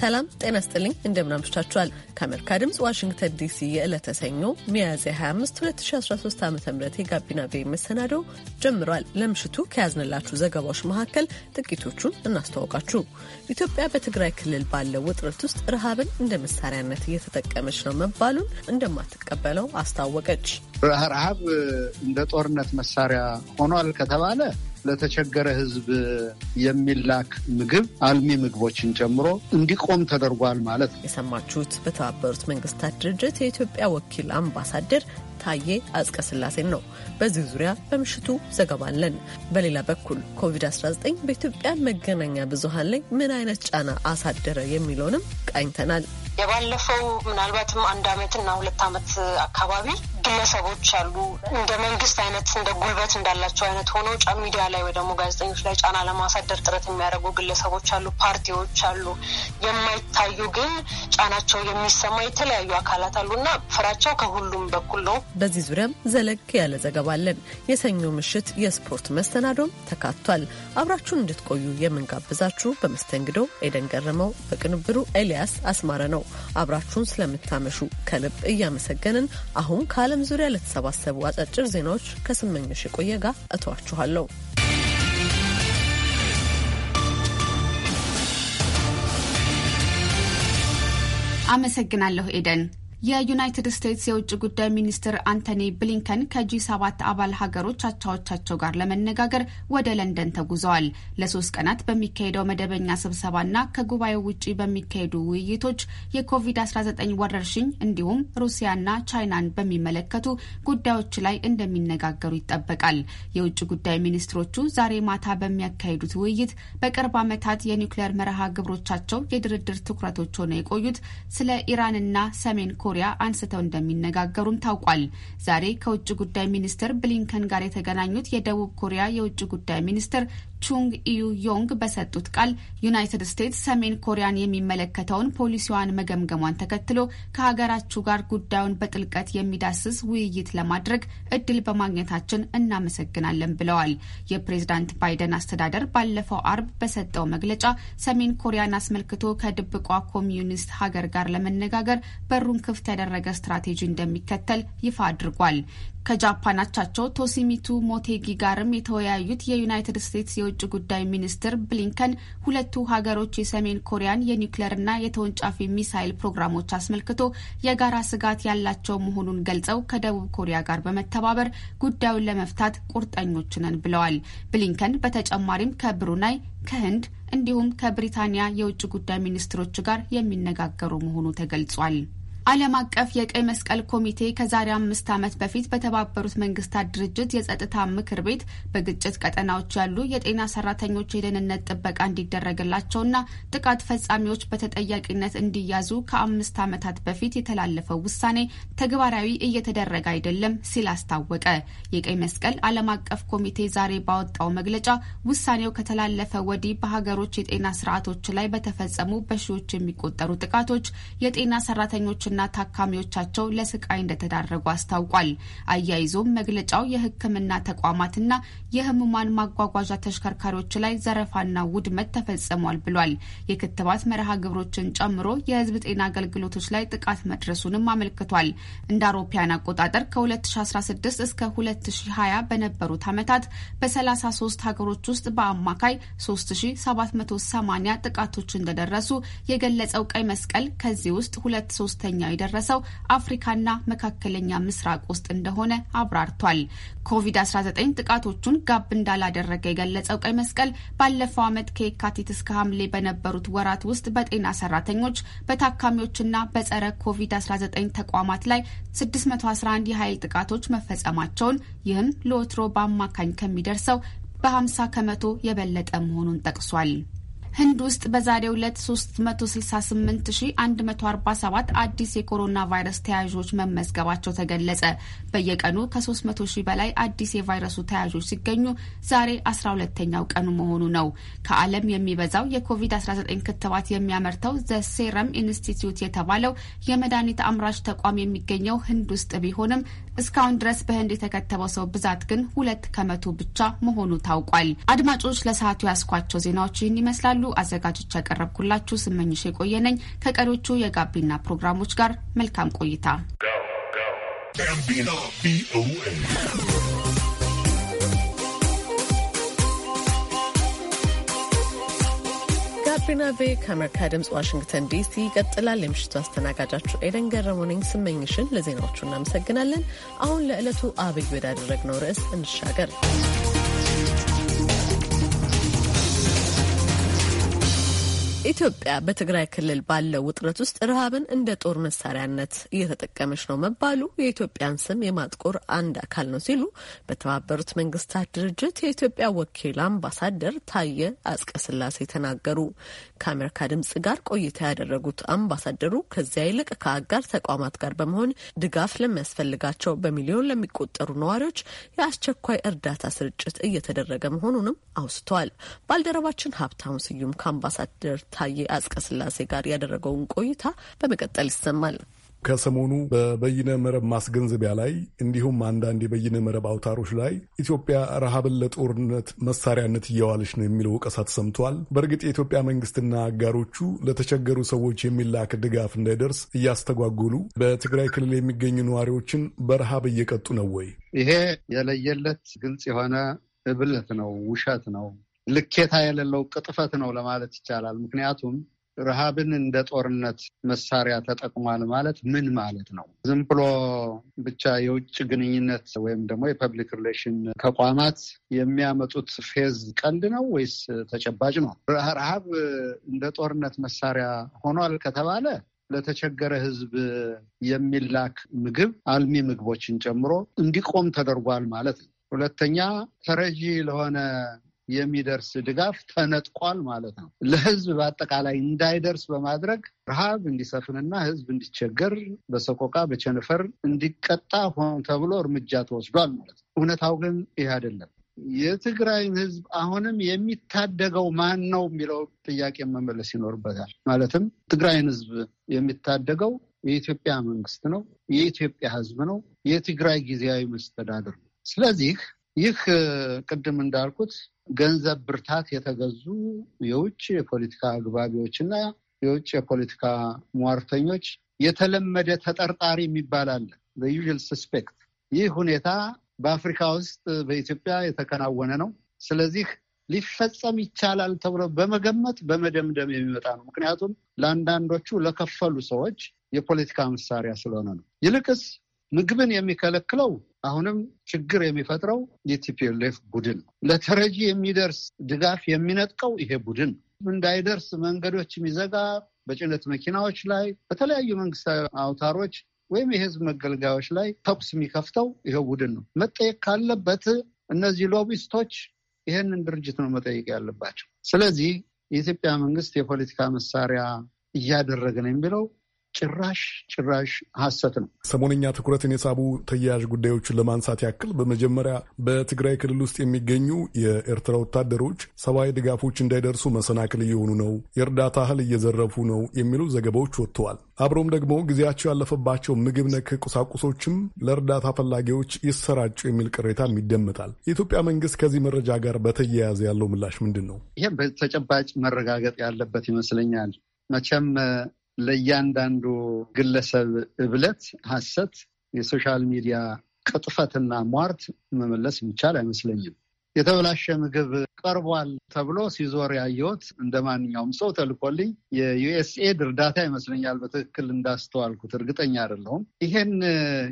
ሰላም ጤና ስጥልኝ፣ እንደምናምሽታችኋል። ከአሜሪካ ድምፅ ዋሽንግተን ዲሲ የዕለተ ሰኞ ሚያዝያ 25 2013 ዓ ም የጋቢና ቤ መሰናዶው ጀምሯል። ለምሽቱ ከያዝንላችሁ ዘገባዎች መካከል ጥቂቶቹን እናስተዋውቃችሁ። ኢትዮጵያ በትግራይ ክልል ባለው ውጥረት ውስጥ ረሃብን እንደ መሳሪያነት እየተጠቀመች ነው መባሉን እንደማትቀበለው አስታወቀች። ረሃብ እንደ ጦርነት መሳሪያ ሆኗል ከተባለ ለተቸገረ ህዝብ የሚላክ ምግብ አልሚ ምግቦችን ጨምሮ እንዲቆም ተደርጓል ማለት ነው። የሰማችሁት በተባበሩት መንግስታት ድርጅት የኢትዮጵያ ወኪል አምባሳደር ታዬ አጽቀ ስላሴን ነው። በዚህ ዙሪያ በምሽቱ ዘገባ አለን። በሌላ በኩል ኮቪድ-19 በኢትዮጵያ መገናኛ ብዙሀን ላይ ምን አይነት ጫና አሳደረ የሚለውንም ቃኝተናል። የባለፈው ምናልባትም አንድ አመትና ሁለት ዓመት አካባቢ ግለሰቦች አሉ እንደ መንግስት አይነት እንደ ጉልበት እንዳላቸው አይነት ሆነው ሚዲያ ላይ ወይ ደግሞ ጋዜጠኞች ላይ ጫና ለማሳደር ጥረት የሚያደርጉ ግለሰቦች አሉ፣ ፓርቲዎች አሉ፣ የማይታዩ ግን ጫናቸው የሚሰማ የተለያዩ አካላት እና ፍራቸው ከሁሉም በኩል ነው። በዚህ ዙሪያም ዘለግ ያለ ዘገባ አለን። የሰኞ ምሽት የስፖርት መሰናዶም ተካቷል። አብራችሁን እንድትቆዩ የምንጋብዛችሁ በመስተንግዶ ኤደን ገረመው፣ በቅንብሩ ኤልያስ አስማረ ነው። አብራችሁን ስለምታመሹ ከልብ እያመሰገንን አሁን ካለ ከዓለም ዙሪያ ለተሰባሰቡ አጫጭር ዜናዎች ከስመኞሽ የቆየ ጋር እተዋችኋለሁ። አመሰግናለሁ ኤደን። የዩናይትድ ስቴትስ የውጭ ጉዳይ ሚኒስትር አንቶኒ ብሊንከን ከጂ ሰባት አባል ሀገሮች አቻዎቻቸው ጋር ለመነጋገር ወደ ለንደን ተጉዘዋል። ለሶስት ቀናት በሚካሄደው መደበኛ ስብሰባና ከጉባኤው ውጪ በሚካሄዱ ውይይቶች የኮቪድ-19 ወረርሽኝ እንዲሁም ሩሲያና ቻይናን በሚመለከቱ ጉዳዮች ላይ እንደሚነጋገሩ ይጠበቃል። የውጭ ጉዳይ ሚኒስትሮቹ ዛሬ ማታ በሚያካሂዱት ውይይት በቅርብ ዓመታት የኒውክሌር መርሃ ግብሮቻቸው የድርድር ትኩረቶች ሆነው የቆዩት ስለ ኢራንና ሰሜን ኮሪያ አንስተው እንደሚነጋገሩም ታውቋል። ዛሬ ከውጭ ጉዳይ ሚኒስትር ብሊንከን ጋር የተገናኙት የደቡብ ኮሪያ የውጭ ጉዳይ ሚኒስትር ቹንግ ኢዩ ዮንግ በሰጡት ቃል ዩናይትድ ስቴትስ ሰሜን ኮሪያን የሚመለከተውን ፖሊሲዋን መገምገሟን ተከትሎ ከሀገራችሁ ጋር ጉዳዩን በጥልቀት የሚዳስስ ውይይት ለማድረግ እድል በማግኘታችን እናመሰግናለን ብለዋል። የፕሬዝዳንት ባይደን አስተዳደር ባለፈው አርብ በሰጠው መግለጫ ሰሜን ኮሪያን አስመልክቶ ከድብቋ ኮሚኒስት ሀገር ጋር ለመነጋገር በሩን ክፍት ያደረገ ስትራቴጂ እንደሚከተል ይፋ አድርጓል። ከጃፓናቻቸው አቻቸው ቶሲሚቱ ሞቴጊ ጋርም የተወያዩት የዩናይትድ ስቴትስ የውጭ ጉዳይ ሚኒስትር ብሊንከን ሁለቱ ሀገሮች የሰሜን ኮሪያን የኒውክሌርና የተወንጫፊ ሚሳይል ፕሮግራሞች አስመልክቶ የጋራ ስጋት ያላቸው መሆኑን ገልጸው ከደቡብ ኮሪያ ጋር በመተባበር ጉዳዩን ለመፍታት ቁርጠኞች ነን ብለዋል። ብሊንከን በተጨማሪም ከብሩናይ፣ ከህንድ እንዲሁም ከብሪታንያ የውጭ ጉዳይ ሚኒስትሮች ጋር የሚነጋገሩ መሆኑ ተገልጿል። ዓለም አቀፍ የቀይ መስቀል ኮሚቴ ከዛሬ አምስት ዓመት በፊት በተባበሩት መንግስታት ድርጅት የጸጥታ ምክር ቤት በግጭት ቀጠናዎች ያሉ የጤና ሰራተኞች የደህንነት ጥበቃ እንዲደረግላቸውና ጥቃት ፈጻሚዎች በተጠያቂነት እንዲያዙ ከአምስት ዓመታት በፊት የተላለፈው ውሳኔ ተግባራዊ እየተደረገ አይደለም ሲል አስታወቀ። የቀይ መስቀል ዓለም አቀፍ ኮሚቴ ዛሬ ባወጣው መግለጫ ውሳኔው ከተላለፈ ወዲህ በሀገሮች የጤና ስርዓቶች ላይ በተፈጸሙ በሺዎች የሚቆጠሩ ጥቃቶች የጤና ሰራተኞች። እና ታካሚዎቻቸው ለስቃይ እንደተዳረጉ አስታውቋል። አያይዞም መግለጫው የህክምና ተቋማትና የህሙማን ማጓጓዣ ተሽከርካሪዎች ላይ ዘረፋና ውድመት ተፈጽሟል ብሏል። የክትባት መርሃ ግብሮችን ጨምሮ የህዝብ ጤና አገልግሎቶች ላይ ጥቃት መድረሱንም አመልክቷል። እንደ አውሮፓውያን አቆጣጠር ከ2016 እስከ 2020 በነበሩት ዓመታት በ33 ሀገሮች ውስጥ በአማካይ 3780 ጥቃቶች እንደደረሱ የገለጸው ቀይ መስቀል ከዚህ ውስጥ ሁለት ሶስተኛ አደጋው የደረሰው አፍሪካና መካከለኛ ምስራቅ ውስጥ እንደሆነ አብራርቷል። ኮቪድ-19 ጥቃቶቹን ጋብ እንዳላደረገ የገለጸው ቀይ መስቀል ባለፈው ዓመት ከየካቲት እስከ ሐምሌ በነበሩት ወራት ውስጥ በጤና ሰራተኞች፣ በታካሚዎችና በጸረ ኮቪድ-19 ተቋማት ላይ 611 የኃይል ጥቃቶች መፈጸማቸውን ይህም ለወትሮ በአማካኝ ከሚደርሰው በ50 ከመቶ የበለጠ መሆኑን ጠቅሷል። ህንድ ውስጥ በዛሬው ዕለት 368147 አዲስ የኮሮና ቫይረስ ተያዦች መመዝገባቸው ተገለጸ። በየቀኑ ከ300 ሺህ በላይ አዲስ የቫይረሱ ተያዦች ሲገኙ ዛሬ 12ተኛው ቀኑ መሆኑ ነው። ከዓለም የሚበዛው የኮቪድ-19 ክትባት የሚያመርተው ዘ ሴረም ኢንስቲትዩት የተባለው የመድኃኒት አምራች ተቋም የሚገኘው ህንድ ውስጥ ቢሆንም እስካሁን ድረስ በህንድ የተከተበው ሰው ብዛት ግን ሁለት ከመቶ ብቻ መሆኑ ታውቋል። አድማጮች ለሰዓቱ ያስኳቸው ዜናዎች ይህን ይመስላሉ። አዘጋጆች ያቀረብኩላችሁ ስመኝሽ የቆየነኝ ከቀሪዎቹ የጋቢና ፕሮግራሞች ጋር መልካም ቆይታ። ጋቢና ቬ ከአሜሪካ ድምፅ ዋሽንግተን ዲሲ ይቀጥላል። የምሽቱ አስተናጋጃችሁ ኤደን ገረሞነኝ ስመኝሽን ለዜናዎቹ እናመሰግናለን። አሁን ለዕለቱ አብይ ወዳደረግነው ርዕስ እንሻገር። ኢትዮጵያ በትግራይ ክልል ባለው ውጥረት ውስጥ ረሃብን እንደ ጦር መሳሪያነት እየተጠቀመች ነው መባሉ የኢትዮጵያን ስም የማጥቆር አንድ አካል ነው ሲሉ በተባበሩት መንግስታት ድርጅት የኢትዮጵያ ወኪል አምባሳደር ታየ አጽቀስላሴ ተናገሩ። ከአሜሪካ ድምጽ ጋር ቆይታ ያደረጉት አምባሳደሩ ከዚያ ይልቅ ከአጋር ተቋማት ጋር በመሆን ድጋፍ ለሚያስፈልጋቸው በሚሊዮን ለሚቆጠሩ ነዋሪዎች የአስቸኳይ እርዳታ ስርጭት እየተደረገ መሆኑንም አውስተዋል። ባልደረባችን ሀብታሙ ስዩም ከአምባሳደር ታዬ አጽቀስላሴ ጋር ያደረገውን ቆይታ በመቀጠል ይሰማል። ከሰሞኑ በበይነ መረብ ማስገንዘቢያ ላይ እንዲሁም አንዳንድ የበይነ መረብ አውታሮች ላይ ኢትዮጵያ ረሃብን ለጦርነት መሳሪያነት እየዋለች ነው የሚለው ወቀሳ ተሰምቷል። በእርግጥ የኢትዮጵያ መንግስትና አጋሮቹ ለተቸገሩ ሰዎች የሚላክ ድጋፍ እንዳይደርስ እያስተጓጎሉ በትግራይ ክልል የሚገኙ ነዋሪዎችን በረሃብ እየቀጡ ነው ወይ? ይሄ የለየለት ግልጽ የሆነ እብለት ነው፣ ውሸት ነው። ልኬታ የሌለው ቅጥፈት ነው ለማለት ይቻላል። ምክንያቱም ረሃብን እንደ ጦርነት መሳሪያ ተጠቅሟል ማለት ምን ማለት ነው? ዝም ብሎ ብቻ የውጭ ግንኙነት ወይም ደግሞ የፐብሊክ ሪሌሽን ተቋማት የሚያመጡት ፌዝ ቀንድ ነው ወይስ ተጨባጭ ነው? ረሃብ እንደ ጦርነት መሳሪያ ሆኗል ከተባለ ለተቸገረ ሕዝብ የሚላክ ምግብ አልሚ ምግቦችን ጨምሮ እንዲቆም ተደርጓል ማለት ነው። ሁለተኛ ተረጂ ለሆነ የሚደርስ ድጋፍ ተነጥቋል ማለት ነው። ለህዝብ በአጠቃላይ እንዳይደርስ በማድረግ ረሃብ እንዲሰፍንና ህዝብ እንዲቸገር በሰቆቃ በቸነፈር እንዲቀጣ ሆን ተብሎ እርምጃ ተወስዷል ማለት ነው። እውነታው ግን ይህ አይደለም። የትግራይን ህዝብ አሁንም የሚታደገው ማን ነው የሚለው ጥያቄ መመለስ ይኖርበታል። ማለትም ትግራይን ህዝብ የሚታደገው የኢትዮጵያ መንግስት ነው፣ የኢትዮጵያ ህዝብ ነው፣ የትግራይ ጊዜያዊ መስተዳድር ነው። ስለዚህ ይህ ቅድም እንዳልኩት ገንዘብ ብርታት የተገዙ የውጭ የፖለቲካ እና የውጭ የፖለቲካ ሟርተኞች የተለመደ ተጠርጣሪ የሚባል አለ፣ ዩዥል ስስፔክት። ይህ ሁኔታ በአፍሪካ ውስጥ በኢትዮጵያ የተከናወነ ነው። ስለዚህ ሊፈጸም ይቻላል ተብሎ በመገመት በመደምደም የሚመጣ ነው። ምክንያቱም ለአንዳንዶቹ ለከፈሉ ሰዎች የፖለቲካ መሳሪያ ስለሆነ ነው። ይልቅስ ምግብን የሚከለክለው አሁንም ችግር የሚፈጥረው የቲፒኤልኤፍ ቡድን ለተረጂ የሚደርስ ድጋፍ የሚነጥቀው ይሄ ቡድን እንዳይደርስ መንገዶች የሚዘጋ በጭነት መኪናዎች ላይ በተለያዩ መንግስታዊ አውታሮች ወይም የህዝብ መገልገያዎች ላይ ተኩስ የሚከፍተው ይሄው ቡድን ነው። መጠየቅ ካለበት እነዚህ ሎቢስቶች ይህንን ድርጅት ነው መጠየቅ ያለባቸው። ስለዚህ የኢትዮጵያ መንግስት የፖለቲካ መሳሪያ እያደረገ ነው የሚለው ጭራሽ ጭራሽ ሀሰት ነው። ሰሞነኛ ትኩረትን የሳቡ ተያያዥ ጉዳዮችን ለማንሳት ያክል በመጀመሪያ በትግራይ ክልል ውስጥ የሚገኙ የኤርትራ ወታደሮች ሰብአዊ ድጋፎች እንዳይደርሱ መሰናክል እየሆኑ ነው፣ የእርዳታ እህል እየዘረፉ ነው የሚሉ ዘገባዎች ወጥተዋል። አብሮም ደግሞ ጊዜያቸው ያለፈባቸው ምግብ ነክ ቁሳቁሶችም ለእርዳታ ፈላጊዎች ይሰራጩ የሚል ቅሬታም ይደመጣል። የኢትዮጵያ መንግስት ከዚህ መረጃ ጋር በተያያዘ ያለው ምላሽ ምንድን ነው? ይህ በተጨባጭ መረጋገጥ ያለበት ይመስለኛል። መቼም ለእያንዳንዱ ግለሰብ እብለት፣ ሐሰት፣ የሶሻል ሚዲያ ቅጥፈትና ሟርት መመለስ የሚቻል አይመስለኝም። የተበላሸ ምግብ ቀርቧል ተብሎ ሲዞር ያየሁት እንደ ማንኛውም ሰው ተልኮልኝ የዩኤስኤድ እርዳታ ይመስለኛል። በትክክል እንዳስተዋልኩት እርግጠኛ አይደለሁም። ይሄን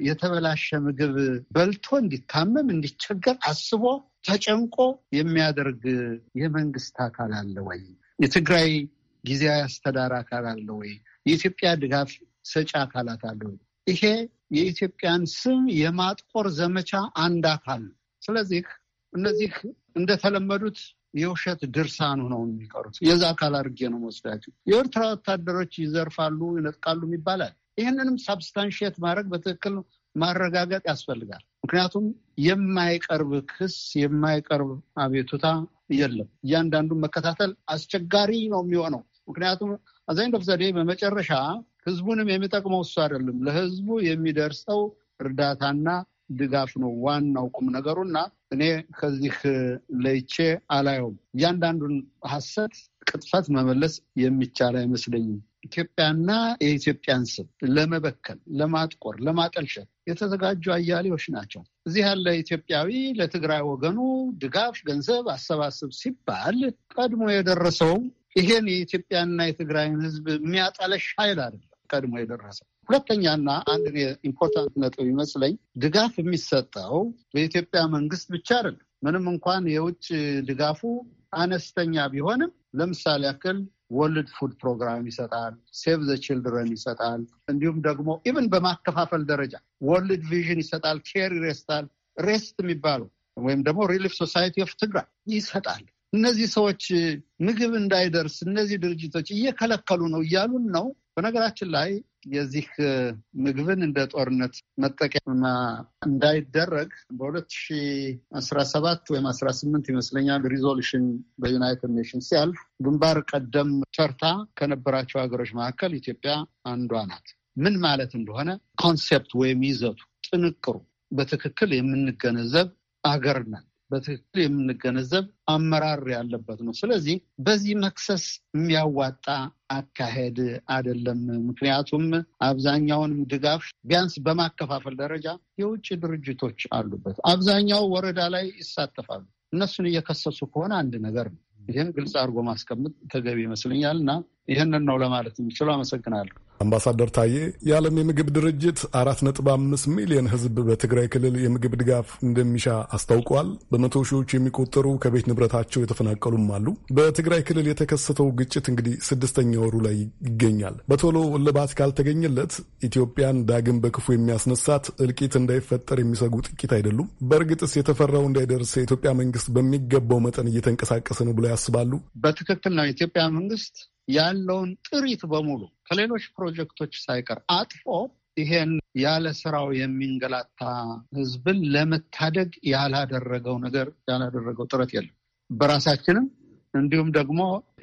የተበላሸ ምግብ በልቶ እንዲታመም እንዲቸገር አስቦ ተጨንቆ የሚያደርግ የመንግስት አካል አለ ወይ? የትግራይ ጊዜያዊ አስተዳደር አካል አለ ወይ? የኢትዮጵያ ድጋፍ ሰጪ አካላት አሉ። ይሄ የኢትዮጵያን ስም የማጥቆር ዘመቻ አንድ አካል ነው። ስለዚህ እነዚህ እንደተለመዱት የውሸት ድርሳኑ ነው የሚቀሩት። የዛ አካል አድርጌ ነው መወስዳቸው። የኤርትራ ወታደሮች ይዘርፋሉ፣ ይነጥቃሉ ይባላል። ይህንንም ሳብስታንሽት ማድረግ በትክክል ማረጋገጥ ያስፈልጋል። ምክንያቱም የማይቀርብ ክስ የማይቀርብ አቤቱታ የለም። እያንዳንዱን መከታተል አስቸጋሪ ነው የሚሆነው። ምክንያቱም አዛኝ ዶክተር ዘዴ በመጨረሻ ህዝቡንም የሚጠቅመው እሱ አይደለም፣ ለህዝቡ የሚደርሰው እርዳታና ድጋፍ ነው ዋናው ቁም ነገሩና እኔ ከዚህ ለይቼ አላየውም። እያንዳንዱን ሀሰት ቅጥፈት መመለስ የሚቻል አይመስለኝም። ኢትዮጵያና የኢትዮጵያን ስም ለመበከል፣ ለማጥቆር፣ ለማጠልሸት የተዘጋጁ አያሌዎች ናቸው። እዚህ ያለ ኢትዮጵያዊ ለትግራይ ወገኑ ድጋፍ ገንዘብ አሰባስብ ሲባል ቀድሞ የደረሰው ይሄን የኢትዮጵያና የትግራይን ሕዝብ የሚያጠለሽ ኃይል አይደለም ቀድሞ የደረሰው። ሁለተኛና አንድ ኢምፖርታንት ነጥብ ይመስለኝ ድጋፍ የሚሰጠው በኢትዮጵያ መንግስት ብቻ አይደለም። ምንም እንኳን የውጭ ድጋፉ አነስተኛ ቢሆንም ለምሳሌ ያክል ወርልድ ፉድ ፕሮግራም ይሰጣል፣ ሴቭ ዘ ችልድረን ይሰጣል። እንዲሁም ደግሞ ኢቨን በማከፋፈል ደረጃ ወርልድ ቪዥን ይሰጣል፣ ኬር ይረስታል፣ ሬስት የሚባለው ወይም ደግሞ ሪሊፍ ሶሳይቲ ኦፍ ትግራይ ይሰጣል። እነዚህ ሰዎች ምግብ እንዳይደርስ እነዚህ ድርጅቶች እየከለከሉ ነው እያሉን ነው። በነገራችን ላይ የዚህ ምግብን እንደ ጦርነት መጠቀሚያ እንዳይደረግ በ2017 ወይም 18 ይመስለኛል ሪዞሉሽን በዩናይትድ ኔሽንስ ሲያልፍ ግንባር ቀደም ተርታ ከነበራቸው ሀገሮች መካከል ኢትዮጵያ አንዷ ናት። ምን ማለት እንደሆነ ኮንሴፕት ወይም ይዘቱ ጥንቅሩ በትክክል የምንገነዘብ አገር ነን። በትክክል የምንገነዘብ አመራር ያለበት ነው። ስለዚህ በዚህ መክሰስ የሚያዋጣ አካሄድ አይደለም። ምክንያቱም አብዛኛውንም ድጋፍ ቢያንስ በማከፋፈል ደረጃ የውጭ ድርጅቶች አሉበት። አብዛኛው ወረዳ ላይ ይሳተፋሉ። እነሱን እየከሰሱ ከሆነ አንድ ነገር ነው። ይህን ግልጽ አድርጎ ማስቀመጥ ተገቢ ይመስለኛል እና ይህንን ነው ለማለት የሚችለው አመሰግናለሁ። አምባሳደር ታዬ የዓለም የምግብ ድርጅት 4.5 ሚሊዮን ሕዝብ በትግራይ ክልል የምግብ ድጋፍ እንደሚሻ አስታውቋል። በመቶ ሺዎች የሚቆጠሩ ከቤት ንብረታቸው የተፈናቀሉም አሉ። በትግራይ ክልል የተከሰተው ግጭት እንግዲህ ስድስተኛ ወሩ ላይ ይገኛል። በቶሎ እልባት ካልተገኘለት ኢትዮጵያን ዳግም በክፉ የሚያስነሳት እልቂት እንዳይፈጠር የሚሰጉ ጥቂት አይደሉም። በእርግጥስ የተፈራው እንዳይደርስ የኢትዮጵያ መንግስት በሚገባው መጠን እየተንቀሳቀሰ ነው ብለው ያስባሉ? በትክክል ነው። የኢትዮጵያ መንግስት ያለውን ጥሪት በሙሉ ከሌሎች ፕሮጀክቶች ሳይቀር አጥፎ ይሄን ያለ ስራው የሚንገላታ ህዝብን ለመታደግ ያላደረገው ነገር ያላደረገው ጥረት የለም። በራሳችንም እንዲሁም ደግሞ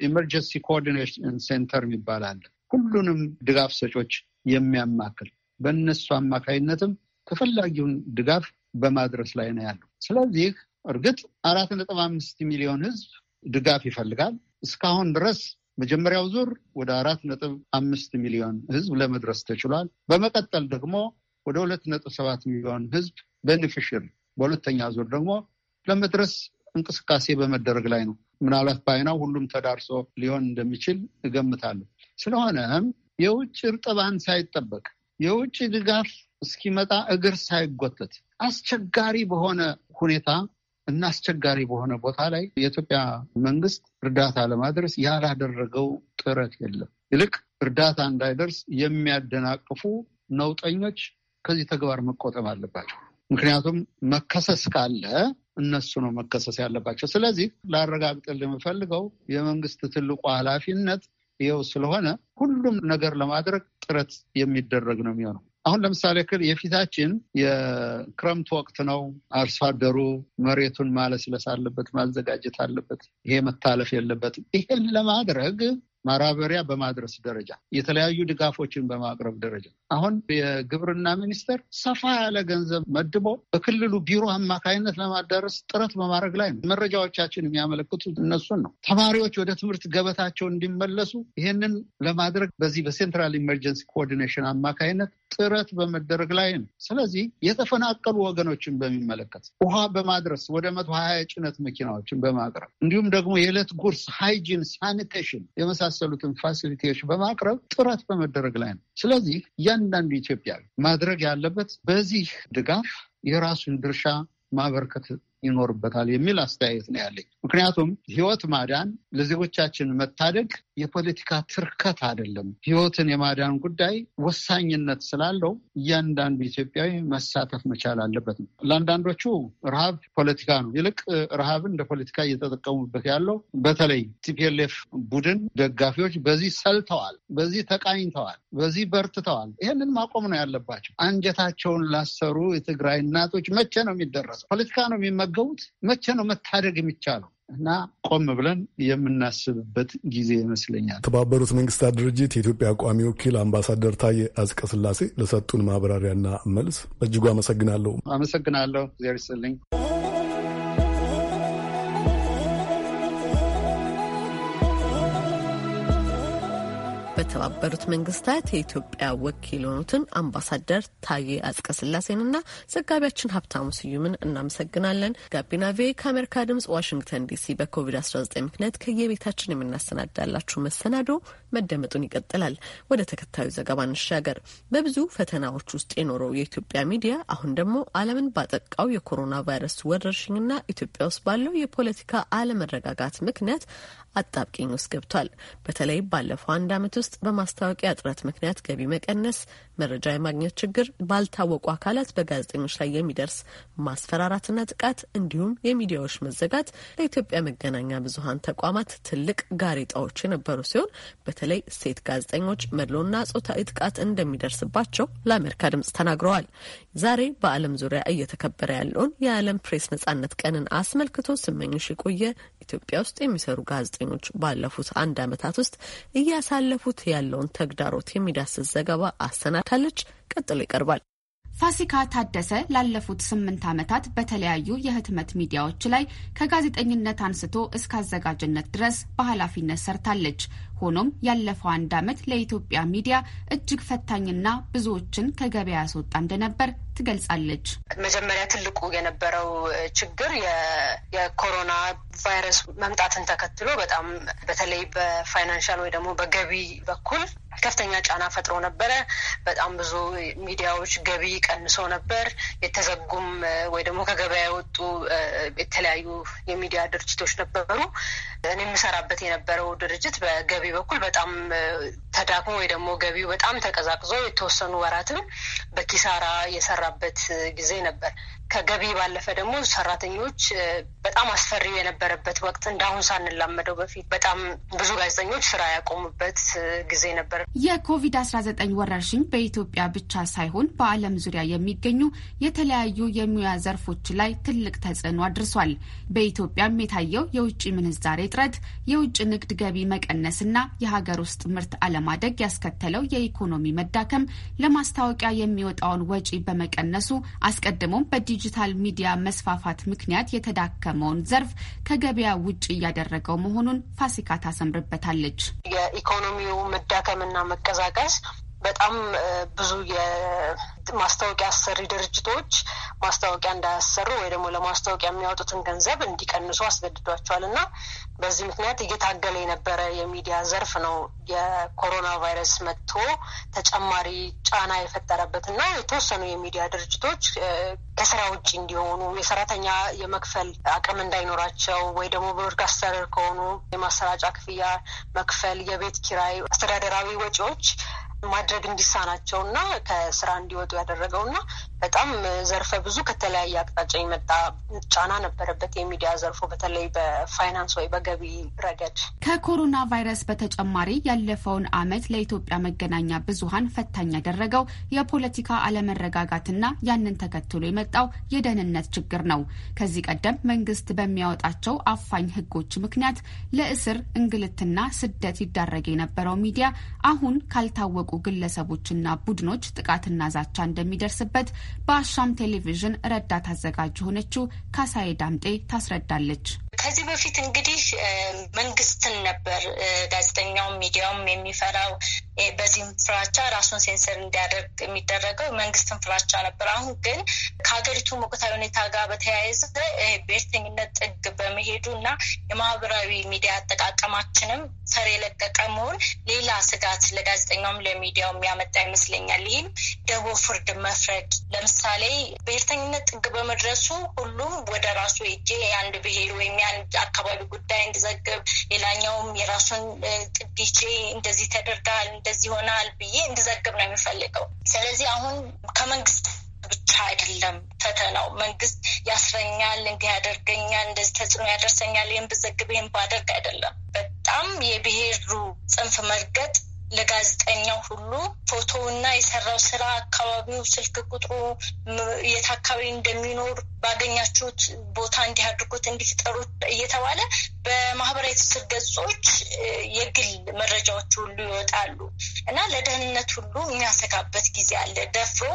ኢመርጀንሲ ኮኦርዲኔሽን ሴንተር የሚባል አለ። ሁሉንም ድጋፍ ሰጮች የሚያማክል በእነሱ አማካይነትም ተፈላጊውን ድጋፍ በማድረስ ላይ ነው ያለው። ስለዚህ እርግጥ አራት ነጥብ አምስት ሚሊዮን ህዝብ ድጋፍ ይፈልጋል። እስካሁን ድረስ መጀመሪያው ዙር ወደ አራት ነጥብ አምስት ሚሊዮን ህዝብ ለመድረስ ተችሏል። በመቀጠል ደግሞ ወደ ሁለት ነጥብ ሰባት ሚሊዮን ህዝብ በንፍሽር በሁለተኛ ዙር ደግሞ ለመድረስ እንቅስቃሴ በመደረግ ላይ ነው። ምናልባት በአይናው ሁሉም ተዳርሶ ሊሆን እንደሚችል እገምታለሁ። ስለሆነም የውጭ እርጥባን ሳይጠበቅ የውጭ ድጋፍ እስኪመጣ እግር ሳይጎተት አስቸጋሪ በሆነ ሁኔታ እና አስቸጋሪ በሆነ ቦታ ላይ የኢትዮጵያ መንግስት እርዳታ ለማድረስ ያላደረገው ጥረት የለም። ይልቅ እርዳታ እንዳይደርስ የሚያደናቅፉ ነውጠኞች ከዚህ ተግባር መቆጠብ አለባቸው። ምክንያቱም መከሰስ ካለ እነሱ ነው መከሰስ ያለባቸው። ስለዚህ ላረጋግጥል የምፈልገው የመንግስት ትልቁ ኃላፊነት ይኸው ስለሆነ ሁሉም ነገር ለማድረግ ጥረት የሚደረግ ነው የሚሆነው። አሁን ለምሳሌ ክል የፊታችን የክረምት ወቅት ነው። አርሶ አደሩ መሬቱን ማለስለስ አለበት፣ ማዘጋጀት አለበት። ይሄ መታለፍ የለበትም። ይሄን ለማድረግ ማራበሪያ በማድረስ ደረጃ የተለያዩ ድጋፎችን በማቅረብ ደረጃ አሁን የግብርና ሚኒስቴር ሰፋ ያለ ገንዘብ መድቦ በክልሉ ቢሮ አማካኝነት ለማዳረስ ጥረት በማድረግ ላይ ነው። መረጃዎቻችን የሚያመለክቱት እነሱን ነው። ተማሪዎች ወደ ትምህርት ገበታቸው እንዲመለሱ ይህንን ለማድረግ በዚህ በሴንትራል ኢመርጀንሲ ኮኦርዲኔሽን አማካኝነት ጥረት በመደረግ ላይ ነው። ስለዚህ የተፈናቀሉ ወገኖችን በሚመለከት ውሃ በማድረስ ወደ መቶ ሀያ ጭነት መኪናዎችን በማቅረብ እንዲሁም ደግሞ የዕለት ጉርስ፣ ሃይጂን፣ ሳኒቴሽን የመሳ የመሳሰሉትን ፋሲሊቲዎች በማቅረብ ጥረት በመደረግ ላይ ነው። ስለዚህ እያንዳንዱ ኢትዮጵያዊ ማድረግ ያለበት በዚህ ድጋፍ የራሱን ድርሻ ማበርከት ይኖርበታል የሚል አስተያየት ነው ያለኝ። ምክንያቱም ህይወት ማዳን ለዜጎቻችን መታደግ የፖለቲካ ትርከት አይደለም። ህይወትን የማዳን ጉዳይ ወሳኝነት ስላለው እያንዳንዱ ኢትዮጵያዊ መሳተፍ መቻል አለበት ነው። ለአንዳንዶቹ ረሃብ ፖለቲካ ነው። ይልቅ ረሃብን እንደ ፖለቲካ እየተጠቀሙበት ያለው በተለይ ቲፒኤልኤፍ ቡድን ደጋፊዎች በዚህ ሰልተዋል፣ በዚህ ተቃኝተዋል፣ በዚህ በርትተዋል። ይህንን ማቆም ነው ያለባቸው። አንጀታቸውን ላሰሩ የትግራይ እናቶች መቼ ነው የሚደረሰው? ፖለቲካ ነው የሚመ ያደረገውት መቼ ነው መታደግ የሚቻለው? እና ቆም ብለን የምናስብበት ጊዜ ይመስለኛል። የተባበሩት መንግስታት ድርጅት የኢትዮጵያ ቋሚ ወኪል አምባሳደር ታዬ ስላሴ ለሰጡን ማብራሪያና መልስ በእጅጉ አመሰግናለሁ። አመሰግናለሁ። እግዚአብሔር ይስጥልኝ። የተባበሩት መንግስታት የኢትዮጵያ ወኪል የሆኑትን አምባሳደር ታዬ አጽቀስላሴንና ዘጋቢያችን ሀብታሙ ስዩምን እናመሰግናለን። ጋቢና ቪ ከአሜሪካ ድምጽ ዋሽንግተን ዲሲ በኮቪድ-19 ምክንያት ከየቤታችን የምናሰናዳላችሁ መሰናዶ መደመጡን ይቀጥላል። ወደ ተከታዩ ዘገባ እንሻገር። በብዙ ፈተናዎች ውስጥ የኖረው የኢትዮጵያ ሚዲያ አሁን ደግሞ ዓለምን ባጠቃው የኮሮና ቫይረስ ወረርሽኝና ኢትዮጵያ ውስጥ ባለው የፖለቲካ አለመረጋጋት ምክንያት አጣብቂኝ ውስጥ ገብቷል። በተለይ ባለፈው አንድ ዓመት ውስጥ በማስታወቂያ እጥረት ምክንያት ገቢ መቀነስ፣ መረጃ የማግኘት ችግር፣ ባልታወቁ አካላት በጋዜጠኞች ላይ የሚደርስ ማስፈራራትና ጥቃት እንዲሁም የሚዲያዎች መዘጋት ለኢትዮጵያ መገናኛ ብዙኃን ተቋማት ትልቅ ጋሬጣዎች የነበሩ ሲሆን በተለይ ሴት ጋዜጠኞች መድሎና ጾታዊ ጥቃት እንደሚደርስባቸው ለአሜሪካ ድምጽ ተናግረዋል። ዛሬ በዓለም ዙሪያ እየተከበረ ያለውን የዓለም ፕሬስ ነጻነት ቀንን አስመልክቶ ስመኞሽ የቆየ ኢትዮጵያ ውስጥ የሚሰሩ ጋዜጠ ጋዜጠኞች ባለፉት አንድ ዓመታት ውስጥ እያሳለፉት ያለውን ተግዳሮት የሚዳስስ ዘገባ አሰናድታለች። ቀጥሎ ይቀርባል። ፋሲካ ታደሰ ላለፉት ስምንት ዓመታት በተለያዩ የህትመት ሚዲያዎች ላይ ከጋዜጠኝነት አንስቶ እስከ አዘጋጅነት ድረስ በኃላፊነት ሰርታለች። ሆኖም ያለፈው አንድ ዓመት ለኢትዮጵያ ሚዲያ እጅግ ፈታኝና ብዙዎችን ከገበያ ያስወጣ እንደነበር ትገልጻለች። መጀመሪያ ትልቁ የነበረው ችግር የኮሮና ቫይረስ መምጣትን ተከትሎ በጣም በተለይ በፋይናንሻል ወይ ደግሞ በገቢ በኩል ከፍተኛ ጫና ፈጥሮ ነበረ። በጣም ብዙ ሚዲያዎች ገቢ ቀንሶ ነበር። የተዘጉም ወይ ደግሞ ከገበያ የወጡ የተለያዩ የሚዲያ ድርጅቶች ነበሩ። እኔ የምሰራበት የነበረው ድርጅት በገቢ በኩል በጣም ተዳክሞ ወይ ደግሞ ገቢው በጣም ተቀዛቅዞ የተወሰኑ ወራትም በኪሳራ የሰራበት ጊዜ ነበር። ከገቢ ባለፈ ደግሞ ሰራተኞች በጣም አስፈሪው የነበረበት ወቅት እንዳሁን ሳንላመደው በፊት በጣም ብዙ ጋዜጠኞች ስራ ያቆሙበት ጊዜ ነበር። የኮቪድ አስራ ዘጠኝ ወረርሽኝ በኢትዮጵያ ብቻ ሳይሆን በዓለም ዙሪያ የሚገኙ የተለያዩ የሙያ ዘርፎች ላይ ትልቅ ተጽዕኖ አድርሷል። በኢትዮጵያም የታየው የውጭ ምንዛሬ እጥረት፣ የውጭ ንግድ ገቢ መቀነስና የሀገር ውስጥ ምርት አለማደግ ያስከተለው የኢኮኖሚ መዳከም ለማስታወቂያ የሚወጣውን ወጪ በመቀነሱ አስቀድሞም በዲ የዲጂታል ሚዲያ መስፋፋት ምክንያት የተዳከመውን ዘርፍ ከገበያ ውጭ እያደረገው መሆኑን ፋሲካ ታሰምርበታለች። የኢኮኖሚው መዳከምና መቀዛቀዝ በጣም ብዙ የማስታወቂያ አሰሪ ድርጅቶች ማስታወቂያ እንዳያሰሩ ወይ ደግሞ ለማስታወቂያ የሚያወጡትን ገንዘብ እንዲቀንሱ አስገድዷቸዋል እና በዚህ ምክንያት እየታገለ የነበረ የሚዲያ ዘርፍ ነው የኮሮና ቫይረስ መጥቶ ተጨማሪ ጫና የፈጠረበት እና የተወሰኑ የሚዲያ ድርጅቶች ከስራ ውጭ እንዲሆኑ የሰራተኛ የመክፈል አቅም እንዳይኖራቸው ወይ ደግሞ ብሮድካስተር ከሆኑ የማሰራጫ ክፍያ መክፈል፣ የቤት ኪራይ፣ አስተዳደራዊ ወጪዎች ማድረግ እንዲሳናቸው እና ከስራ እንዲወጡ ያደረገው እና በጣም ዘርፈ ብዙ ከተለያየ አቅጣጫ የመጣ ጫና ነበረበት የሚዲያ ዘርፎ በተለይ በፋይናንስ ወይ በገቢ ረገድ። ከኮሮና ቫይረስ በተጨማሪ ያለፈውን አመት ለኢትዮጵያ መገናኛ ብዙሀን ፈታኝ ያደረገው የፖለቲካ አለመረጋጋትና ያንን ተከትሎ የመጣው የደህንነት ችግር ነው። ከዚህ ቀደም መንግስት በሚያወጣቸው አፋኝ ህጎች ምክንያት ለእስር እንግልትና ስደት ይዳረግ የነበረው ሚዲያ አሁን ካልታወቁ ግለሰቦችና ቡድኖች ጥቃትና ዛቻ እንደሚደርስበት በአሻም ቴሌቪዥን ረዳት አዘጋጅ የሆነችው ካሳዬ ዳምጤ ታስረዳለች። ከዚህ በፊት እንግዲህ መንግስትን ነበር ጋዜጠኛውም ሚዲያውም የሚፈራው። በዚህም ፍራቻ ራሱን ሴንሰር እንዲያደርግ የሚደረገው መንግስትን ፍራቻ ነበር። አሁን ግን ከሀገሪቱ ወቅታዊ ሁኔታ ጋር በተያያዘ ብሔርተኝነት ጥግ በመሄዱ እና የማህበራዊ ሚዲያ አጠቃቀማችንም ፈር የለቀቀ መሆን ሌላ ስጋት ለጋዜጠኛውም ለሚዲያውም ያመጣ ይመስለኛል። ይህም ደቦ ፍርድ መፍረድ ለምሳሌ ብሔርተኝነት ጥግ በመድረሱ ሁሉም ወደ ራሱ እጄ የአንድ ብሔር ወይም የአንድ አካባቢ ጉዳይ እንድዘግብ፣ ሌላኛውም የራሱን ጥቢቼ እንደዚህ ተደርጋል እንደዚህ ይሆናል ብዬ እንድዘግብ ነው የሚፈልገው። ስለዚህ አሁን ከመንግስት ብቻ አይደለም ፈተናው። መንግስት ያስረኛል፣ እንዲህ ያደርገኛል፣ እንደዚህ ተጽዕኖ ያደርሰኛል፣ ይህን ብዘግብ ይህን ባደርግ አይደለም። በጣም የብሔሩ ጽንፍ መርገጥ ለጋዜጠኛው ሁሉ ፎቶውና የሰራው ስራ፣ አካባቢው፣ ስልክ ቁጥሩ፣ የት አካባቢ እንደሚኖር ባገኛችሁት ቦታ እንዲያድርጉት አድርጉት እየተባለ በማህበራዊ ትስስር ገጾች የግል መረጃዎች ሁሉ ይወጣሉ እና ለደህንነት ሁሉ የሚያሰጋበት ጊዜ አለ። ደፍሮ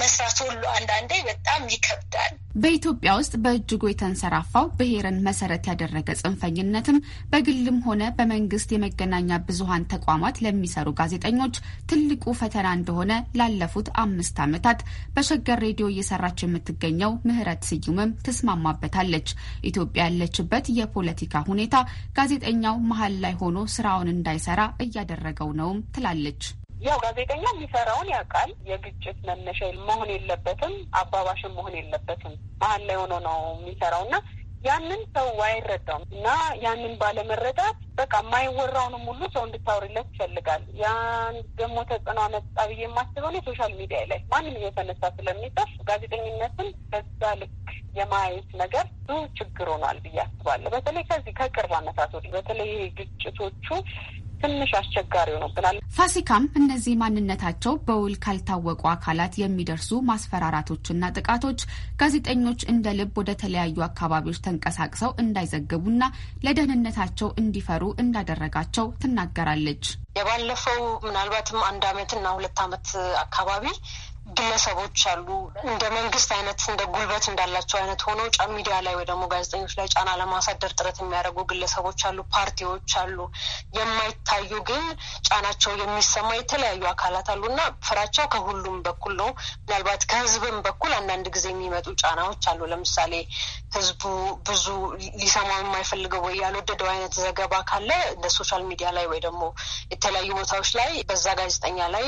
መስራት ሁሉ አንዳንዴ በጣም ይከብዳል። በኢትዮጵያ ውስጥ በእጅጉ የተንሰራፋው ብሔርን መሰረት ያደረገ ጽንፈኝነትም በግልም ሆነ በመንግስት የመገናኛ ብዙሀን ተቋማት ለሚሰሩ ጋዜጠኞች ትልቁ ፈተና እንደሆነ ላለፉት አምስት ዓመታት በሸገር ሬዲዮ እየሰራች የምትገኘው ምህረት ስዩምም ትስማማበታለች። ኢትዮጵያ ያለችበት የፖለቲካ ሁኔታ ጋዜጠኛው መሀል ላይ ሆኖ ስራውን እንዳይሰራ እያደረገው ነውም ትላለች። ያው ጋዜጠኛ የሚሰራውን ያውቃል። የግጭት መነሻ መሆን የለበትም፣ አባባሽም መሆን የለበትም። መሀል ላይ ሆኖ ነው የሚሰራው እና ያንን ሰው አይረዳውም እና ያንን ባለመረዳት በቃ የማይወራውንም ሁሉ ሰው እንድታወሪለት ይፈልጋል። ያን ደግሞ ተጽዕኖ አመጣ ብዬ የማስበው ሶሻል ሚዲያ ላይ ማንም እየተነሳ ስለሚጠፍ ጋዜጠኝነትን በዛ ልክ የማየት ነገር ብዙ ችግር ሆኗል ብዬ አስባለሁ። በተለይ ከዚህ ከቅርብ አመታት ወዲህ በተለይ ግጭቶቹ ትንሽ አስቸጋሪ ሆኖብናል። ፋሲካም እነዚህ ማንነታቸው በውል ካልታወቁ አካላት የሚደርሱ ማስፈራራቶችና ጥቃቶች ጋዜጠኞች እንደ ልብ ወደ ተለያዩ አካባቢዎች ተንቀሳቅሰው እንዳይዘግቡና ለደህንነታቸው እንዲፈሩ እንዳደረጋቸው ትናገራለች። የባለፈው ምናልባትም አንድ አመትና ሁለት አመት አካባቢ ግለሰቦች አሉ እንደ መንግስት አይነት እንደ ጉልበት እንዳላቸው አይነት ሆነው ጫ ሚዲያ ላይ ወይ ደግሞ ጋዜጠኞች ላይ ጫና ለማሳደር ጥረት የሚያደርጉ ግለሰቦች አሉ፣ ፓርቲዎች አሉ። የማይታዩ ግን ጫናቸው የሚሰማ የተለያዩ አካላት አሉ እና ፍራቸው ከሁሉም በኩል ነው። ምናልባት ከህዝብም በኩል አንዳንድ ጊዜ የሚመጡ ጫናዎች አሉ። ለምሳሌ ህዝቡ ብዙ ሊሰማው የማይፈልገው ወይ ያልወደደው አይነት ዘገባ ካለ እንደ ሶሻል ሚዲያ ላይ ወይ ደግሞ የተለያዩ ቦታዎች ላይ በዛ ጋዜጠኛ ላይ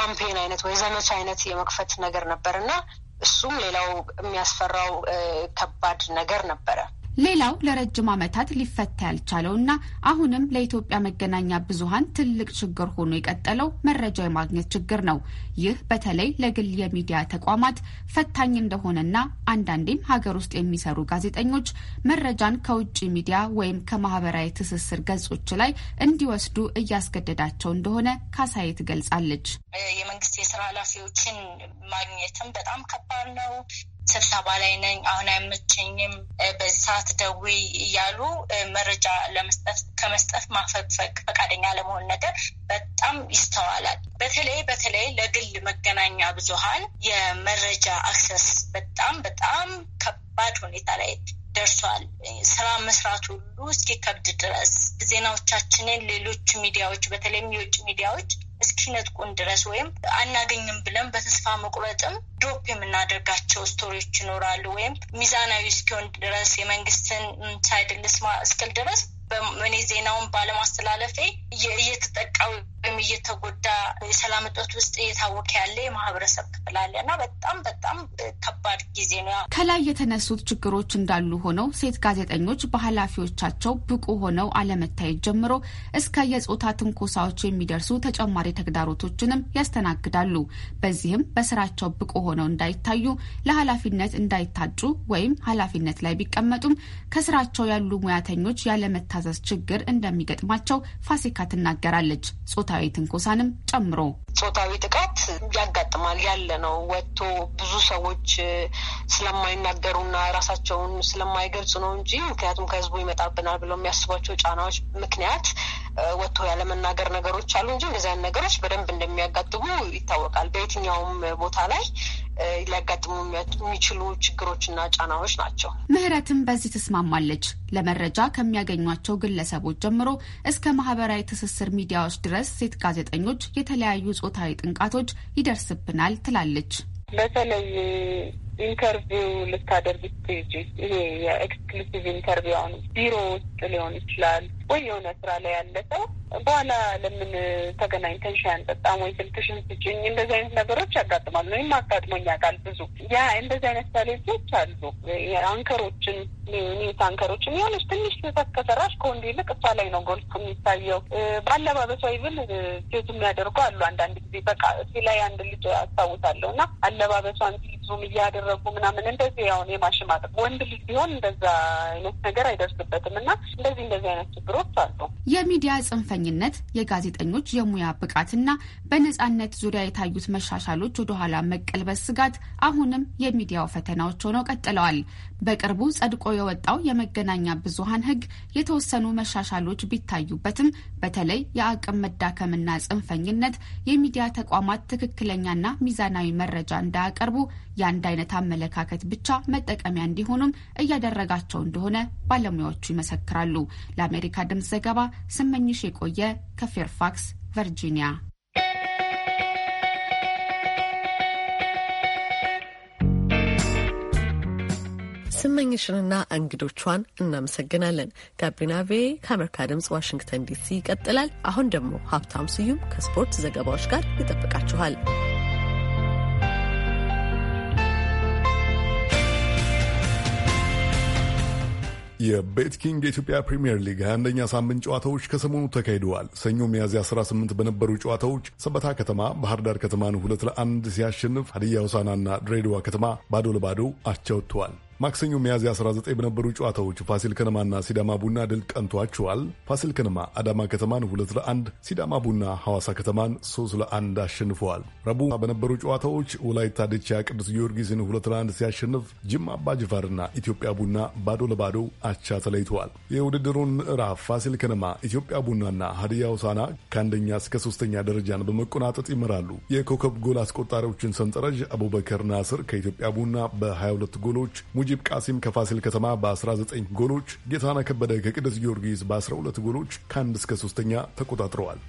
ካምፔን አይነት ወይ ዘመቻ አይነት የመክፈት ነገር ነበር እና እሱም ሌላው የሚያስፈራው ከባድ ነገር ነበረ። ሌላው ለረጅም ዓመታት ሊፈታ ያልቻለው እና አሁንም ለኢትዮጵያ መገናኛ ብዙሃን ትልቅ ችግር ሆኖ የቀጠለው መረጃ የማግኘት ችግር ነው። ይህ በተለይ ለግል የሚዲያ ተቋማት ፈታኝ እንደሆነና አንዳንዴም ሀገር ውስጥ የሚሰሩ ጋዜጠኞች መረጃን ከውጭ ሚዲያ ወይም ከማህበራዊ ትስስር ገጾች ላይ እንዲወስዱ እያስገደዳቸው እንደሆነ ካሳዬ ትገልጻለች። የመንግስት የስራ ኃላፊዎችን ማግኘትም በጣም ከባድ ነው። ስብሰባ ላይ ነኝ፣ አሁን አይመቸኝም፣ በዚህ ሰዓት ደውይ እያሉ መረጃ ለመስጠት ከመስጠት ማፈግፈግ፣ ፈቃደኛ ለመሆን ነገር በጣም ይስተዋላል። በተለይ በተለይ ለግል መገናኛ ብዙሃን የመረጃ አክሰስ በጣም በጣም ከባድ ሁኔታ ላይ ደርሷል። ስራ መስራት ሁሉ እስኪከብድ ድረስ ዜናዎቻችንን ሌሎች ሚዲያዎች በተለይም የውጭ ሚዲያዎች እስኪነጥቁን ድረስ ወይም አናገኝም ብለን በተስፋ መቁረጥም ድሮፕ የምናደርጋቸው ስቶሪዎች ይኖራሉ። ወይም ሚዛናዊ እስኪሆን ድረስ የመንግስትን ሳይድል እስክል ድረስ እኔ ዜናውን ባለማስተላለፌ እየተጠቃው ወይም እየተጎዳ የሰላም እጦት ውስጥ እየታወቀ ያለ የማህበረሰብ ክፍል አለ እና በጣም በጣም ከባድ ጊዜ ነው። ከላይ የተነሱት ችግሮች እንዳሉ ሆነው ሴት ጋዜጠኞች በኃላፊዎቻቸው ብቁ ሆነው አለመታየት ጀምሮ እስከ የጾታ ትንኮሳዎች የሚደርሱ ተጨማሪ ተግዳሮቶችንም ያስተናግዳሉ። በዚህም በስራቸው ብቁ ሆነው እንዳይታዩ፣ ለኃላፊነት እንዳይታጩ ወይም ኃላፊነት ላይ ቢቀመጡም ከስራቸው ያሉ ሙያተኞች ያለመታ የመታዘዝ ችግር እንደሚገጥማቸው ፋሲካ ትናገራለች። ጾታዊ ትንኮሳንም ጨምሮ ጾታዊ ጥቃት ያጋጥማል ያለ ነው። ወጥቶ ብዙ ሰዎች ስለማይናገሩና ራሳቸውን ስለማይገልጹ ነው እንጂ ምክንያቱም ከህዝቡ ይመጣብናል ብለው የሚያስቧቸው ጫናዎች ምክንያት ወጥቶ ያለመናገር ነገሮች አሉ እንጂ እንደዚያን ነገሮች በደንብ እንደሚያጋጥሙ ይታወቃል። በየትኛውም ቦታ ላይ ሊያጋጥሙ የሚችሉ ችግሮችና ጫናዎች ናቸው። ምህረትም በዚህ ትስማማለች። ለመረጃ ከሚያገኟቸው ግለሰቦች ጀምሮ እስከ ማህበራዊ ትስስር ሚዲያዎች ድረስ ሴት ጋዜጠኞች የተለያዩ ጾታዊ ጥንቃቶች ይደርስብናል ትላለች። በተለይ ኢንተርቪው ልታደርግ ስቴጅ ይሄ የኤክስክሉሲቭ ኢንተርቪው አሁን ቢሮ ውስጥ ሊሆን ይችላል ወይ የሆነ ስራ ላይ ያለ ሰው በኋላ ለምን ተገናኝተን ሻይ አንጠጣም ወይ ስልክሽን ስጭኝ፣ እንደዚህ አይነት ነገሮች ያጋጥማሉ። ወይም አጋጥሞኝ ያውቃል ብዙ ያ እንደዚህ አይነት ሳሌቶች አሉ። አንከሮችን ኒውስ አንከሮችን የሆነች ትንሽ ስህተት ከሰራሽ ከወንድ ይልቅ እሷ ላይ ነው ጎልፍ የሚታየው። በአለባበሷ ይብል ሴቱ የሚያደርጉ አሉ። አንዳንድ ጊዜ በቃ እዚህ ላይ አንድ ልጅ አስታውሳለሁ እና አለባበሷን ሲዙም እያደረጉ ምናምን እንደዚህ ያሁን የማሸማቀቅ ወንድ ልጅ ቢሆን እንደዛ አይነት ነገር አይደርስበትም እና እንደዚህ እንደዚህ አይነት ችግሮች አሉ የሚዲያ ጽንፈ ሽብርተኝነት፣ የጋዜጠኞች የሙያ ብቃትና በነጻነት ዙሪያ የታዩት መሻሻሎች ወደኋላ መቀልበስ ስጋት አሁንም የሚዲያው ፈተናዎች ሆነው ቀጥለዋል። በቅርቡ ጸድቆ የወጣው የመገናኛ ብዙሃን ህግ የተወሰኑ መሻሻሎች ቢታዩበትም በተለይ የአቅም መዳከምና ጽንፈኝነት የሚዲያ ተቋማት ትክክለኛና ሚዛናዊ መረጃ እንዳያቀርቡ የአንድ አይነት አመለካከት ብቻ መጠቀሚያ እንዲሆኑም እያደረጋቸው እንደሆነ ባለሙያዎቹ ይመሰክራሉ። ለአሜሪካ ድምፅ ዘገባ ስመኝሽ የቆየ ከፌርፋክስ ቨርጂኒያ ስመኝሽንና እንግዶቿን እናመሰግናለን። ጋቢና ቬ ከአሜሪካ ድምፅ ዋሽንግተን ዲሲ ይቀጥላል። አሁን ደግሞ ሀብታም ስዩም ከስፖርት ዘገባዎች ጋር ይጠብቃችኋል። የቤትኪንግ የኢትዮጵያ ፕሪምየር ሊግ 21ኛ ሳምንት ጨዋታዎች ከሰሞኑ ተካሂደዋል። ሰኞ ሚያዝያ 18 በነበሩ ጨዋታዎች ሰበታ ከተማ ባህር ዳር ከተማን ሁለት ለአንድ ሲያሸንፍ ሀዲያ ሆሳናና ድሬዳዋ ከተማ ባዶ ለባዶ አቻውተዋል። ማክሰኞ ሚያዝያ 19 በነበሩ ጨዋታዎች ፋሲል ከነማና ሲዳማ ቡና ድል ቀንቷቸዋል። ፋሲል ከነማ አዳማ ከተማን ሁለት ለአንድ፣ ሲዳማ ቡና ሐዋሳ ከተማን ለ ለአንድ አሸንፈዋል። ረቡዕ በነበሩ ጨዋታዎች ወላይታ ድቻ ቅዱስ ጊዮርጊስን ሁለት ለአንድ ሲያሸንፍ፣ ጅማ አባጅፋርና ኢትዮጵያ ቡና ባዶ ለባዶ አቻ ተለይተዋል። የውድድሩን ምዕራፍ ፋሲል ከነማ፣ ኢትዮጵያ ቡናና ሀዲያ ውሳና ከአንደኛ እስከ ሶስተኛ ደረጃን በመቆናጠጥ ይመራሉ። የኮከብ ጎል አስቆጣሪዎችን ሰንጠረዥ አቡበከር ናስር ከኢትዮጵያ ቡና በ22 ጎሎች ሙጂብ ቃሲም ከፋሲል ከተማ በ19 ጎሎች፣ ጌታና ከበደ ከቅዱስ ጊዮርጊስ በ12 ጎሎች ከአንድ እስከ ሶስተኛ ተቆጣጥረዋል።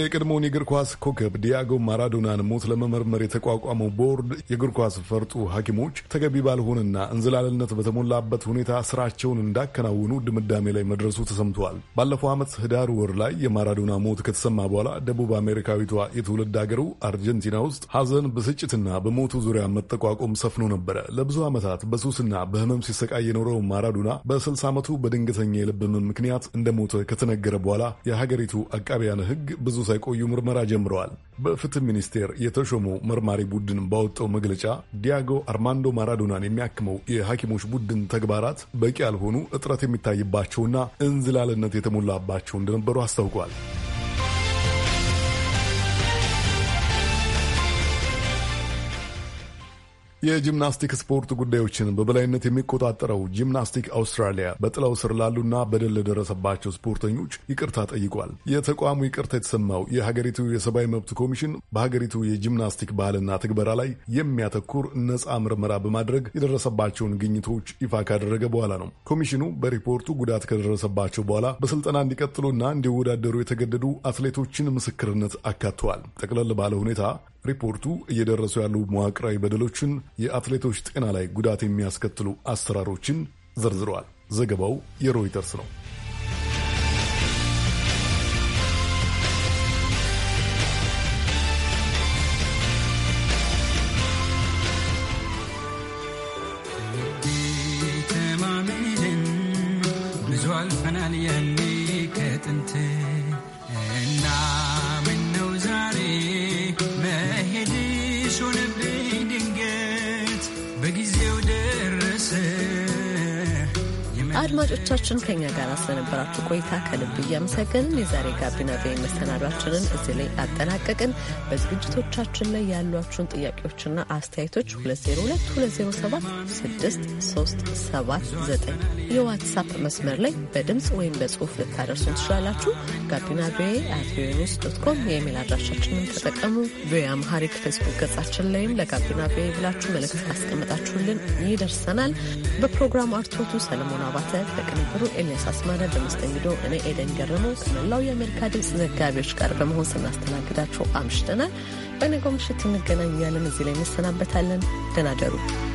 የቀድሞውን የእግር ኳስ ኮከብ ዲያጎ ማራዶናን ሞት ለመመርመር የተቋቋመው ቦርድ የእግር ኳስ ፈርጡ ሐኪሞች ተገቢ ባልሆነና እንዝላልነት በተሞላበት ሁኔታ ስራቸውን እንዳከናውኑ ድምዳሜ ላይ መድረሱ ተሰምተዋል። ባለፈው ዓመት ህዳር ወር ላይ የማራዶና ሞት ከተሰማ በኋላ ደቡብ አሜሪካዊቷ የትውልድ አገሩ አርጀንቲና ውስጥ ሐዘን፣ ብስጭትና በሞቱ ዙሪያ መጠቋቆም ሰፍኖ ነበረ። ለብዙ ዓመታት በሱስና በህመም ሲሰቃይ የኖረው ማራዶና በ60 ዓመቱ በድንገተኛ የልብ ህመም ምክንያት እንደሞተ ከተነገረ በኋላ የሀገሪቱ አቃቢያን ህግ ብዙ ሳይቆዩ ምርመራ ጀምረዋል። በፍትህ ሚኒስቴር የተሾመው መርማሪ ቡድን ባወጣው መግለጫ ዲያጎ አርማንዶ ማራዶናን የሚያክመው የሐኪሞች ቡድን ተግባራት በቂ ያልሆኑ፣ እጥረት የሚታይባቸውና እንዝላልነት የተሞላባቸው እንደነበሩ አስታውቋል። የጂምናስቲክ ስፖርት ጉዳዮችን በበላይነት የሚቆጣጠረው ጂምናስቲክ አውስትራሊያ በጥላው ስር ላሉና በደል ለደረሰባቸው ስፖርተኞች ይቅርታ ጠይቋል። የተቋሙ ይቅርታ የተሰማው የሀገሪቱ የሰብአዊ መብት ኮሚሽን በሀገሪቱ የጂምናስቲክ ባህልና ትግበራ ላይ የሚያተኩር ነፃ ምርመራ በማድረግ የደረሰባቸውን ግኝቶች ይፋ ካደረገ በኋላ ነው። ኮሚሽኑ በሪፖርቱ ጉዳት ከደረሰባቸው በኋላ በስልጠና እንዲቀጥሉና እንዲወዳደሩ የተገደዱ አትሌቶችን ምስክርነት አካተዋል። ጠቅለል ባለ ሁኔታ ሪፖርቱ እየደረሱ ያሉ መዋቅራዊ በደሎችን የአትሌቶች ጤና ላይ ጉዳት የሚያስከትሉ አሰራሮችን ዘርዝረዋል። ዘገባው የሮይተርስ ነው። ስለነበራችሁ ቆይታ ከልብ እያመሰገንን የዛሬ ጋቢና ቤ መሰናዷችንን እዚህ ላይ አጠናቀቅን። በዝግጅቶቻችን ላይ ያሏችሁን ጥያቄዎችና አስተያየቶች 2022076379 የዋትሳፕ መስመር ላይ በድምፅ ወይም በጽሁፍ ልታደርሱን ትችላላችሁ። ጋቢና ቤ አት ቪኦኤ ዶት ኮም የኢሜል አድራሻችንን ተጠቀሙ። ቪኦኤ አምሃሪክ ፌስቡክ ገጻችን ላይም ለጋቢና ቤ ብላችሁ መልእክት አስቀምጣችሁልን ይደርሰናል። በፕሮግራም አርቶቱ ሰለሞን አባተ፣ በቅንብሩ ኤልያስ አስማረ ዜና በመስተንግዶ እኔ ኤደን ገረሞ ከመላው የአሜሪካ ድምፅ ዘጋቢዎች ጋር በመሆን ስናስተናግዳቸው አምሽተናል። በነገው ምሽት እንገናኛለን። እዚህ ላይ እንሰናበታለን። ደህና ደሩ።